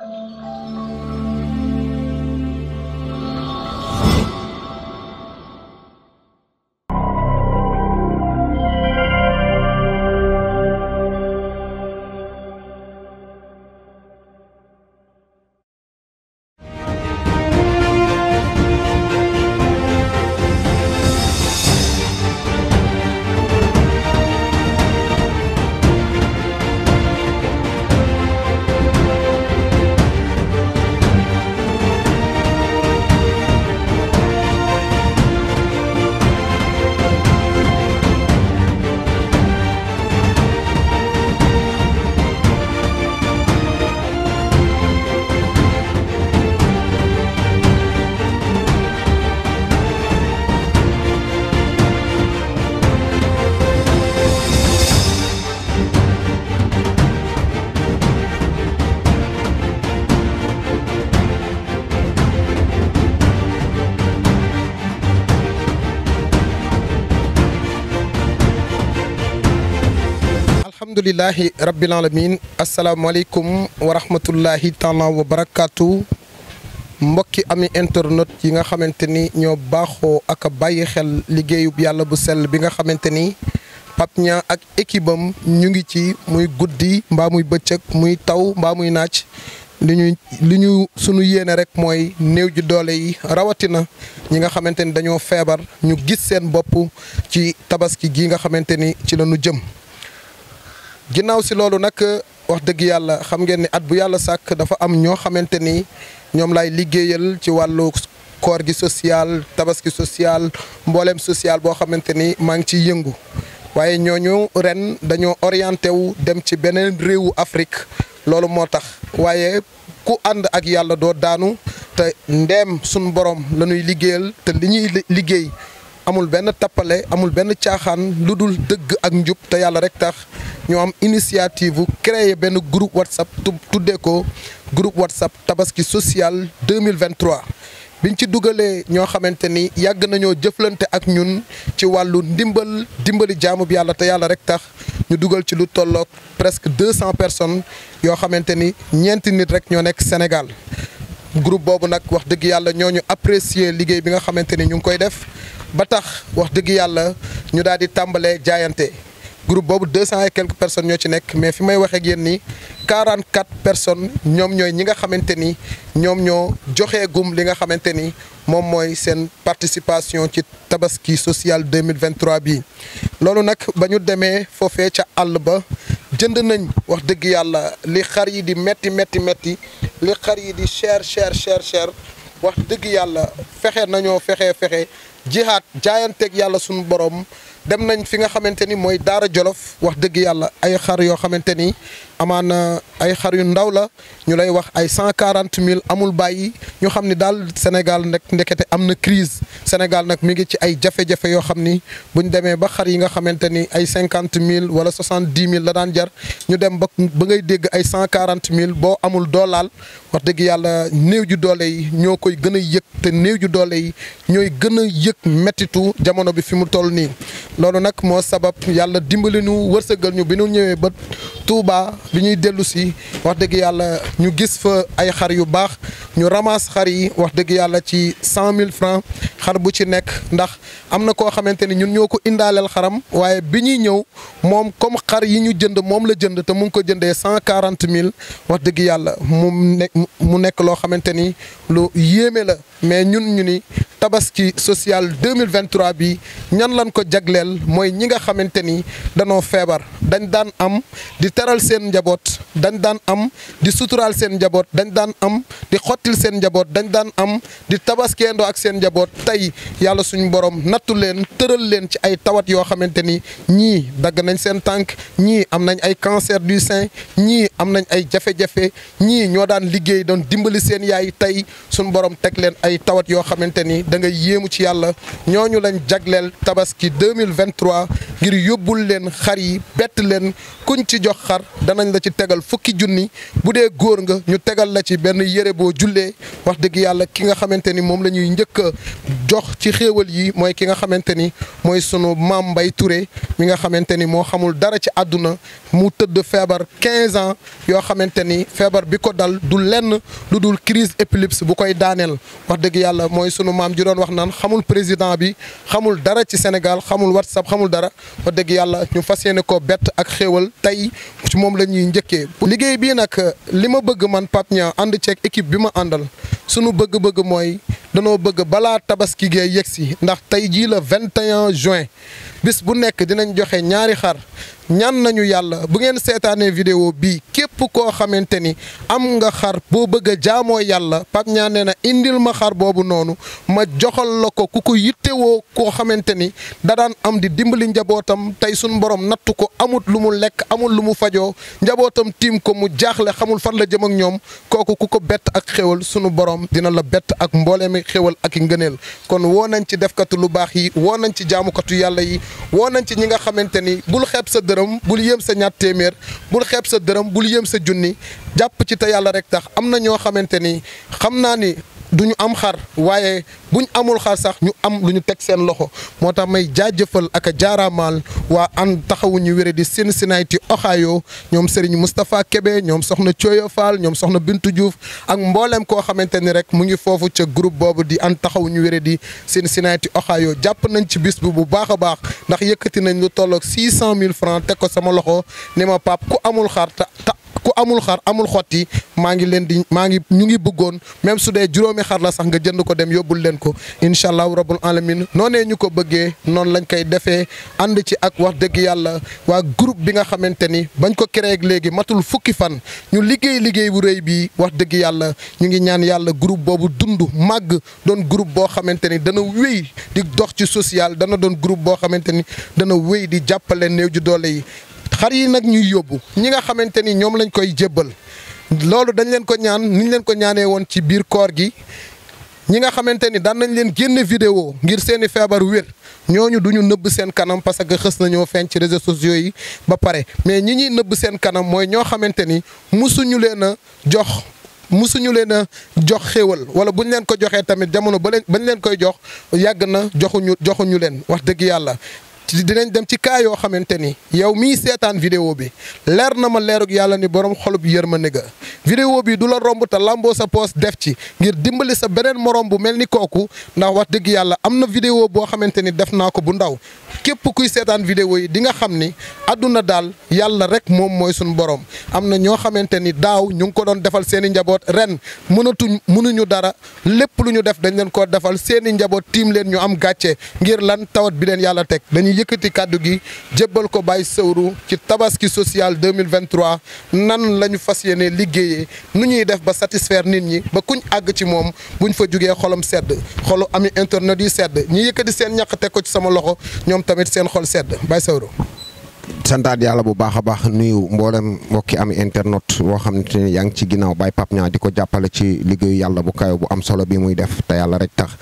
Thank uh... you. alhamdulillahi rabbil alamin Assalamualaikum wa rahmatullahi taala wa barakatuh mbokki ami internet yi nga xamanteni ño baxo ak baye bàyyi xel liggéeyub yalla bu sel bi nga xamanteni papnya ak ekibam ñu ngi ci muy guddii mba muy beccëk muy taw mba muy nacc liñu liñu suñu yene sunu rek moy neew ju doole yi rawatina ñi nga xamanteni dañoo febar ñu gis seen bop ci tabaski gi nga xamanteni ci lañu jëm ginnaaw si loolu nag wax dëgg yàlla xam ngeen ni at bu yàlla sàkk dafa am ñoo xamante ni ñoom laay liggéeyal ci wàllu koor gi social tabaski social mbooleem social boo xamante ni maa ngi ciy yëngu waaye ñoo ñu ren dañoo orienté wu dem ci beneen réewu Afrique loolu moo tax waaye ku ànd ak yàlla doo daanu te ndeem suñ borom lañuy liggéeyal te li ñuy liggéey amul benn tappale amul benn caaxaan lu dul dëgg ak njub te yàlla rek tax ñoo am initiative créer benn groupe whatsapp tuddee ko groupe whatsapp tabaski social 2023 biñ ci dugalee ñoo xamante ni yàgg nañoo jëflante ak ñun ci wàllu ndimbal dimbali jaamu bi yàlla te yàlla rek tax ñu dugal ci lu tolloog presque 200 personnes yoo xamante ni ñeenti nit rek ñoo nekk Sénégal groupe boobu nag wax dëgg yàlla ñoo ñu apprécier liggéey bi nga xamante ni ñu ngi koy def ba tax wax dëgg yàlla ñu daal di tàmbalee jaayante. groupe boobu deux cent et quelques personnes ñoo ci nekk mais fi may waxee ak yéen quarante quatre personnes ñoom ñooy ñi nga xamante ni ñoom ñoo joxe gum li nga xamante ni moom mooy seen participation ci tabaski sociale 2023 bi loolu nag ba ñu demee foofee ca àll ba jënd nañ wax dëgg yàlla li xar yi di metti metti metti li xar yi di cher cher cher cher wax dëgg yàlla fexe nañoo fexe fexe jihaat jaayanteeg yàlla sunu borom dem nañ fi nga xamanteni moy mooy Daara Jolof wax deug yàlla ay xar yo xamanteni amana ay xar yu ndaw la ñu lay wax ay 140000 amul bàyyi ñu xamni dal Sénégal nak ndekete amna crise Sénégal nak mi ngi ci ay jafe-jafe yo xamni buñ démé ba xar yi nga xamanteni ay 50000 wala 70000 la daan jar ñu dem ba ngay dégg ay 140000 bo amul doolaal wax dëgg yàlla néew ju doole yi ñoo koy gën a yëg te néew ju doole yi ñooy gën a yëg mettitu jamono bi fi mu toll nii loolu nag moo sabab yàlla dimbali ñu wërsëgal ñu bi nu ñëwee bët Touba bi ñuy dellu si wax dëgg yàlla ñu gis fa ay xar yu baax ñu ramasse xar yi wax dëgg yàlla ci cent mille francs xar bu ci nekk ndax am na koo xamante ni ñun ñoo ko indaaleel xaram waaye bi ñuy ñëw moom comme xar yi ñu jënd moom la jënd te mu ngi ko jëndee cent quarante mille wax dëgg yàlla mu nekk mu nekk loo xamante ni lu yéeme la mais ñun ñu ni tabaski social 2023 bi ñan lañ ko jaglel moy ñi nga xamanteni dañu danoo dañ dan am di teral sen njabot dañ dan am di sutural sen njabot dañ dan am di xottil sen njabot dañ dan am di tabaskeendoo ak sen njabot tay yalla suñu borom natulen len teural len ci ay tawat yo xamanteni ni dag nañ sen tank ñi am nañ ay cancer du sein ñi am nañ ay jafe-jafe ñi ño daan liggéey doon dimbali sen yaay tay suñu borom tek len ay tawat yo xamanteni da nga yéemu ci yàlla ñoo ñu lañ jagleel tabaski 2023 ngir yóbbul leen xar yi bett leen kuñ ci jox xar danañ la ci tegal fukki junni bu dee góor nga ñu tegal la ci benn yére boo jullee wax dëgg yàlla ki nga xamante ni moom la ñuy njëkk a jox ci xéewal yi mooy ki nga xamante ni mooy sunu maam Mbay ture mi nga xamante ni moo xamul dara ci àdduna mu tëdd feebar 15 ans yoo xamante ni feebar bi ko dal du lenn lu dul crise épilepsie bu koy daaneel wax dëgg yàlla mooy sunu maam ji doon wax naan xamul président bi xamul dara ci Sénégal xamul WhatsApp xamul dara fa dëgg yàlla ñu fas yéene ko bett ak xéewal tey ci moom la ñuy njëkkee. liggéey bii nag li ma bëgg man Pape Niang ànd ceeg équipe bi ma àndal sunu bëgg-bëgg mooy danoo bëgg balaa tabaski gee si ndax tey jii la 21 juin bis bu nekk dinañ joxe ñaari xar. ñaan nañu yàlla bu ngeen seetaanee vidéo bii képp koo xamante ni am nga xar boo bëgg a jaamoo yàlla Pape Niang nee na indil ma xar boobu noonu ma joxal la ko ku ko yittewoo koo xamante ni da daan am di dimbali njabootam tey suñ borom nattu ko amut lu mu lekk amul lu mu fajoo njabootam tiim ko mu jaaxle xamul fan la jëm ak ñoom kooku ku ko bett ak xéwal sunu borom dina la bett ak mbooleemi xéwal ak i ngëneel kon woo nañ ci defkatu lu baax yi woo nañ ci jaamukatu yàlla yi dërëm bul yéem sa ñaat téeméer bul xeeb sa dërëm bul yéem sa junni jàpp ci te yàlla rek tax am na ñoo xamante ni xam naa ni du ñu am xar waaye bu amul xar sax ñu am lu ñu teg seen loxo moo tax may jaajëfal ak a jaaraamaal waa ànd taxawu ñu wéré di Cincinnati Ohio ñoom Serigne Moustapha kebe ñoom soxna Thioye Fall ñoom soxna Bintu Diouf ak mboolem koo xamante ni rek mu ngi foofu ca groupe boobu di ànd taxawu ñu wéré di Cincinnati Ohio jàpp nañ ci bis bu baax a baax ndax yëkkati nañ lu tolloog six cent mille francs teg ko sama loxo ni ma pap ku amul xar ta bu amul xar amul xotti maa ngi leen di maa ngi ñu ngi bëggoon même su dee juróomi xar la sax nga jënd ko dem yóbbul leen ko incha allahu rabbul alamin noonee ñu ko bëggee noonu lañ koy defee ànd ci ak wax dëgg yàlla waa groupe bi nga xamante ni bañ ko créé ak léegi matul fukki fan ñu liggéey liggéey bu rëy bi wax dëgg yàlla ñu ngi ñaan yàlla groupe boobu dund màgg doon groupe boo xamante ni dana wéy di dox ci social dana doon groupe boo xamante ni dana wéy di jàppale néew ju doole yi xar yi nag ñuy yóbbu ñi nga xamante ni ñoom lañ koy jébbal loolu dañ leen ko ñaan niñ leen ko ñaanee woon ci biir koor gi ñi nga xamante ni daan nañ leen génne vidéo ngir seeni feebar wér ñooñu du ñu nëbb seen kanam parce que xës nañoo feeñ ci réseaux sociaux yi ba pare mais ñi ñuy nëbb seen kanam mooy ñoo xamante ni musuñu leen a jox musuñu leen a jox xéewal wala buñ leen ko joxee tamit jamono ba leen bañ leen koy jox yàgg na joxuñu joxuñu leen wax dëgg yàlla dinañ dem ci kaa yoo xamante ni yow miy seetaan vidéo bi leer na ma leerug yàlla ni borom xolub yërmande ga vidéo bi du la romb te lamboo sa poos def ci ngir dimbali sa beneen morom bu mel ni kooku ndax wax dëgg yàlla am na vidéo boo xamante ni def naa ko bu ndaw képp kuy seetaan vidéo yi di nga xam ni àdduna daal yàlla rek moom mooy suñu borom am na ñoo xamante ni daaw ñu ngi ko doon defal seen i njaboot ren mënatuñ mënuñu dara lépp lu ñu def dañ leen koo defal seen i njaboot tiim leen ñu am gàcce ngir lan tawat bi leen yàlla teg yëkkati kàddu gi jébbal ko Baye Sewru ci tabaski social 2023 nan la ñu fas yéene liggéeyee nu ñuy def ba satisfaire nit ñi ba kuñ àgg ci moom bu ñu fa jugee xolam sedd xolu ami internet yi sedd ñi yëkkati seen ñàq teg ko ci sama loxo ñoom tamit seen xol sedd Baye Sewru santat yalla bu baakha baax nuyu mbolam mbokki am internet wo xam yang yaa ci ginaaw bay pap di ko ci liggéeyu yalla bu kayo bu am solo bi muy def ta yalla rek tax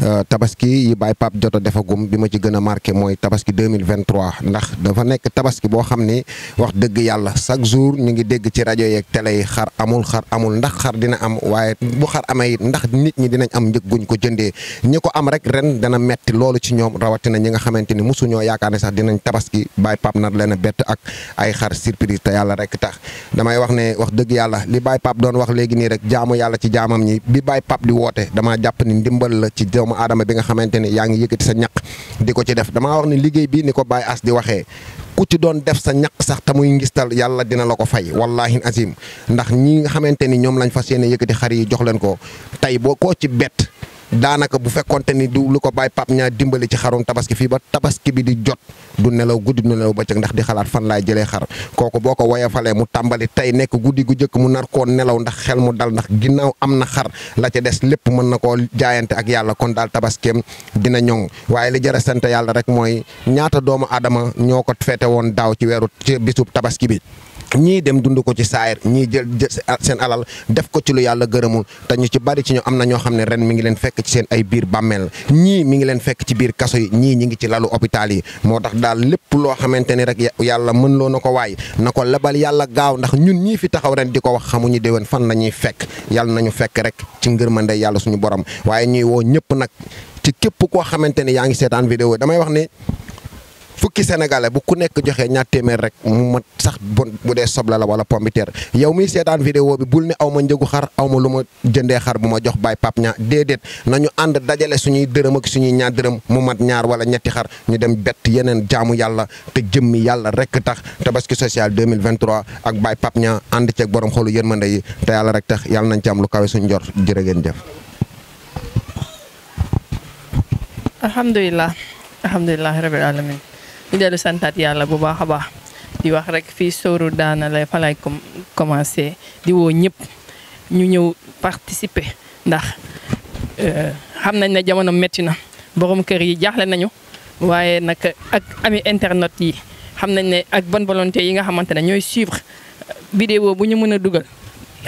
euh, tabaski yi bay pap jot defagum bima ci gëna marqué moy tabaski 2023 ndax dafa nek tabaski bo xamni ni wax deug yalla chaque jour ñi ngi deg ci rajo yeeg télé yi xar amul xar amul ndax xar dina am waye bu xar amay ndax nit ñi dinañ am ñeug guñ ko jëndé ñi ko am rek ren dana metti lolu ci rawati rawatina ñi nga xamanteni nyoya kane yaakaar sax dinañ tabaski bay pap nar leen a bett ak ay xar surprise te yàlla rek tax damay wax ne wax dëgg yàlla li Baye Pape doon wax léegi nii rek jaamu yàlla ci jaamam ñi bi Baye Pape di woote damaa jàpp ni ndimbal la ci doomu nga xamante yaa ngi yëkkati sa ñaq di ko ci def damaa wax ne liggéey bi ni ko Baye As di waxee ku ci doon def sa ñaq sax te muy ngistal yàlla dina la ko fay wallahi azim ndax ñi nga xamante ni ñoom lañ fas yéene yëkkati xar yi jox leen ko tey boo koo ci bett daanaka bu fekkonte ni du lu ko bàyyi pap ñaa dimbali ci xarum tabaski fii ba tabaski bi di jot du nelaw guddi du nelaw bëccëg ndax di xalaat fan laay jëlee xar kooku boo ko woyofalee mu tàmbali tey nekk guddi gu jëkk mu nar koo nelaw ndax xel mu dal ndax ginnaaw am na xar la ca des lépp mën na koo jaayante ak yàlla kon daal tabaskeem dina ñoŋ waaye li jara sant yàlla rek mooy ñaata doomu aadama ñoo ko feete woon daaw ci weeru ci bisub tabaski bi ñii dem dund ko ci saayir ñii jël seen alal def ko ci lu yàlla gërëmul te ñu ci bari ci ñu am na ñoo xam ne ren mi ngi leen fekk ci seen ay biir bàmmeel ñii mi ngi leen fekk ci biir kaso yi ñii ñi ngi ci lalu hôpital yi moo tax daal lépp loo xamante ni rek yàlla mën loo na ko waay na ko labal yàlla gaaw ndax ñun ñii fi taxaw ren di ko wax xamuñu déwén fan la ñuy fekk yàlla nañu fekk rek ci ngërmande yàlla suñu borom waaye ñuy woo ñëpp nag ci képp koo xamante ne yaa ngi seetaan vidéo damay wax ne fukki sénégalais bu ku nek joxé ñaar témer rek mu mat sax bon bu dé sobla la wala pomme terre yow mi sétane vidéo bi bul né awma ma xar awma luma jëndé xar buma jox bay pap ñaa dédét nañu and dajale suñuy dërëm ak suñuy ñaar dërëm mu mat ñaar wala ñetti xar ñu dem bét yenen jaamu yàlla te jëmmi yalla rek tax tabaski social 2023 ak bay pap ñaa ci ak borom xolu yërmande yi té yalla rek tax yalla nañ ci am lu kawe suñu jor jërë jëf. alhamdullilah alhamdullilah rabbil alamin ñu dellu santaat yàlla bu baax a baax di wax rek fii sóoru daana lay fa lay commencé di woo ñëpp ñu ñëw participer ndax xam eh, nañ ne jamono métti na borom kër yi jaaxle nañu waaye nag ak ami internet yi xam nañ ne ak bonne volonté yi nga xamante ne ñooy suivre eh, vidéo bu ñu mën a dugal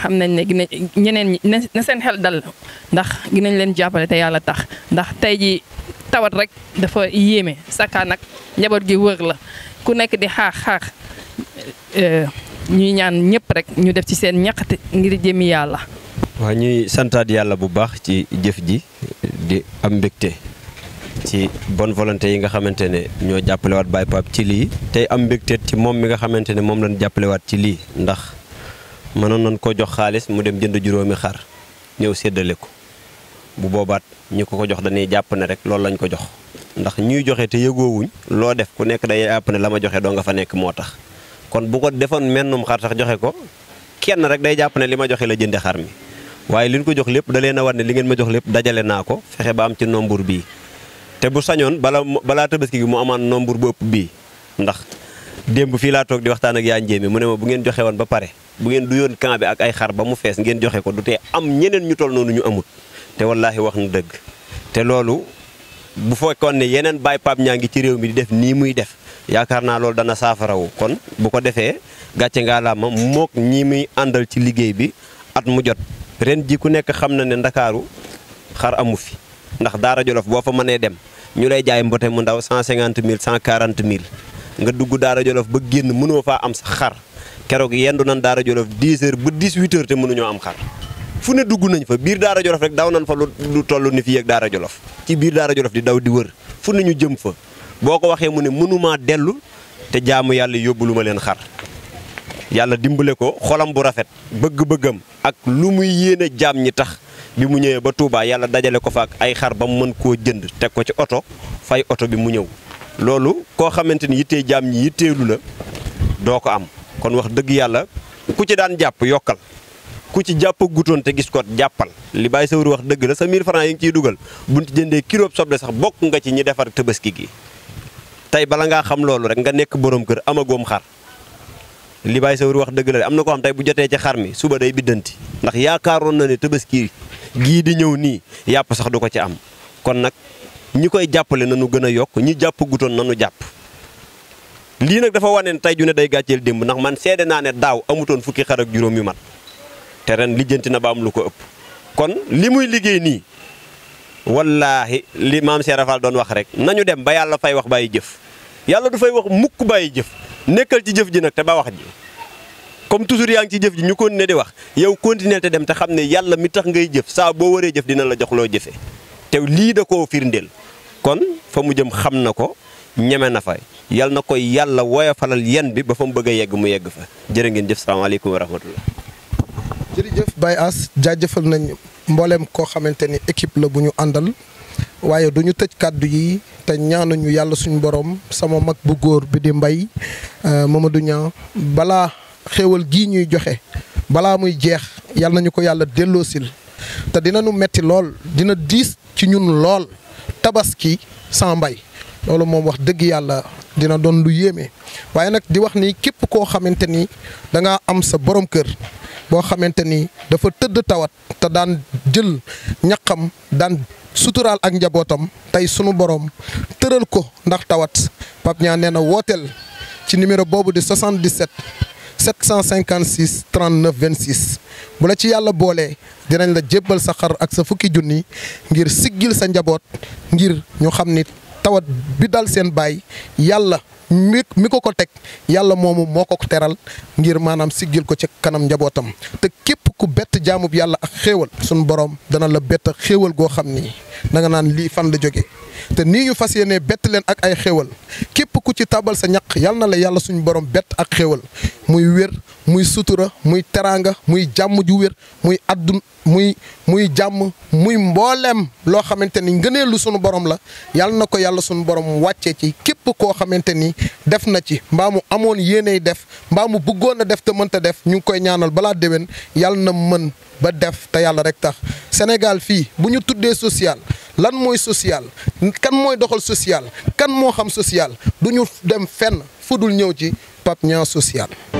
xam nañ ne gina ñeneen ñi na seen xel dal ndax ginañ leen jàppale te yàlla tax ndax tey ji tawat rek dafa yéeme saka nag njaboot gi wër la ku nekk di xaax xaax euh, ñuy ñaan ñëpp rek ñu def ci seen ñaqte ngir jëmi yàlla. waa ñuy santaat yàlla bu baax ci jëf ji di am mbégte ci bon volonté yi nga xamante ne ñoo jàppalewaat Baye Pape ci lii tey am mbégte ci moom mi nga xamante ne moom lañ jàppalewaat ci lii ndax mën mënoon nañ koo jox xaalis mu dem jënd juróomi xar ñëw séddale ko. bu boobaat ñi ko ko jox dañuy jàpp ne rek loolu lañu ko jox ndax ñuy joxe te yëgoowuñ loo def ku nekk day jàpp ne la ma joxe doo nga fa nekk moo tax kon bu ko defoon mennum xar tax joxe ko kenn rek day jàpp ne li ma joxe la jënde xar mi waaye li ñu ko jox lépp da leen a war ne li ngeen ma jox lépp dajale naa ko fexe ba am ci nombre bii te bu sañoon bala balaa tabaski gi mu amaan nombre bu ëpp bii ndax démb fii laa toog di waxtaan ak yaa njéemi mu ne ma bu ngeen joxe woon ba pare bu ngeen duyoon camp bi ak xar ba mu fees ngeen joxe ko du am ñeneen ñu toll noonu ñu amut te wallaahi wax na dëgg te loolu bu fekkoon ne yeneen baay Pape ñaa ngi ci réew mi di def nii muy def yaakaar naa loolu dana saafarawu kon bu ko defee gàcce ngaa laa ma mook ñii muy àndal ci liggéey bi at mu jot ren ji ku nekk xam na ne ndakaaru xar amu fi ndax daara jolof boo fa mënee dem ñu lay jaay mbote mu ndaw mille 000 140 000 nga dugg daara jolof ba génn mënoo faa am sa xar keroog yendu nan daara jolof 10 heures ba 18 heures te mënuñoo am xar fu ne dugg nañ fa biir Daara Jolof rek daw nañ fa lu tollu ni fi ak Daara Jolof ci biir Daara Jolof di daw di wër fu ne ñu jëm fa boo ko waxee mu ne mënumaa dellu te jaamu yàlla yóbbu lu ma leen xar yàlla dimbale ko xolam bu rafet bëgg-bëggam ak lu muy yéene jaam ñi tax bi mu ñëwee ba tuubaa yàlla dajale ko fa ak ay xar ba mu mën koo jënd teg ko ci oto fay oto bi mu ñëw loolu koo xamante ni yittee jaam ñi yitteelu la doo ko am kon wax dëgg yàlla ku ci daan jàpp yokkal ku ci jàpp gutoon te gis ko jàppal li Baye Sawru wax dëgg la sa 1000 francs yi ngi ciy dugal buñ ci jëndee kiloob soble sax bokk nga ci ñi defar tabaski gi tey bala ngaa xam loolu rek nga nekk boroom kër amagoom xar li Baye Sawru wax dëgg la am na ko am tey bu jotee ci xar mi suba day biddanti ndax yaakaaroon na ne tabaski gii di ñëw nii yàpp sax du ko ci am kon nag ñi koy jàppale nanu gën a yokk ñi jàpp gutoon na nanu jàpp lii nag dafa wane tey ju ne day gàcceel démb ndax man seede naa ne daaw amutoon fukki xar juróom yu mat te ren lijjanti na ba am lu ko ëpp kon li muy liggéey nii wallaahi li maam Cheikh Rafal doon wax rek nañu dem ba yàlla fay wax bàyyi jëf yàlla du fay wax mukk bàyyi jëf nekkal ci jëf ji nag te ba wax ji comme toujours yaa ngi ci jëf ji ñu kon ne di wax yow continuer te dem te xam ne yàlla mi tax ngay jëf saa boo waree jëf dina la jox loo jëfee te lii da koo firndeel kon fa mu jëm xam na ko ñeme na fa yal na koy yàlla woyofalal yan bi ba fa mu bëgg a yegg mu yegg fa jërë ngeen jëf salaamaaleykum wa rahmatullah jërëjëf bay As jaajëfal nañ mbollem ko xamanteni ni équipe la buñu andal waye duñu tejj kaddu yi te ñaanuñu yalla suñu borom sama mak bu goor bi di mbay euh, Mamadou Niang balaa xéewal bala ñuy joxe bala muy jeex yalla nañu ko yàlla delloosil te dina nu metti lool dina dis ci ñun lool tabaski sans mbay loolu mom wax deug yalla dina don lu yeme waye nak di wax ni kep ko xamanteni da nga am sa borom keur bo xamanteni dafa teud tawat ta daan jël ñakam daan sutural ak njabotam tay sunu borom tëral ko ndax tawat pap ñaan neena na ci numéro bobu di 77 756 39 26 bu la ci yalla bolé dinañ la jébbal sa xar ak sa fukki junni ngir siggil sa njabot ngir ñu xamni tawat bi dal seen baay yàlla mi mi ko ko teg yàlla moomu moo ko teral ngir maanaam siggil ko ci kanam njabootam te képp ku bett jaamub yàlla ak xéewal sunu borom dana la bett xéewal goo xam ni da nga naan lii fan la jóge te ni ñu fas yéenee bett leen ak ay xéwal képp ku ci tabal sa ñaq yal na la yàlla suñu borom bett ak xéwal muy wér muy sutura muy teraanga muy jàmm ju wér muy addun muy muy jàmm muy mbooleem loo xamante ni ngënee lu suñu borom la yal na ko yàlla suñu borom wàccee ci képp koo xamante ni def na ci mbaa mu amoon yéeney def mbaa mu bëggoon a def te mënta def ñu ngi koy ñaanal balaa déwén yal na mën ba def te yàlla rek tax Sénégal fii bu ñu tuddee social lan mooy social kan mooy doxal social kan moo xam social du ñu dem fenn fudul ñëw ci Pape Niang social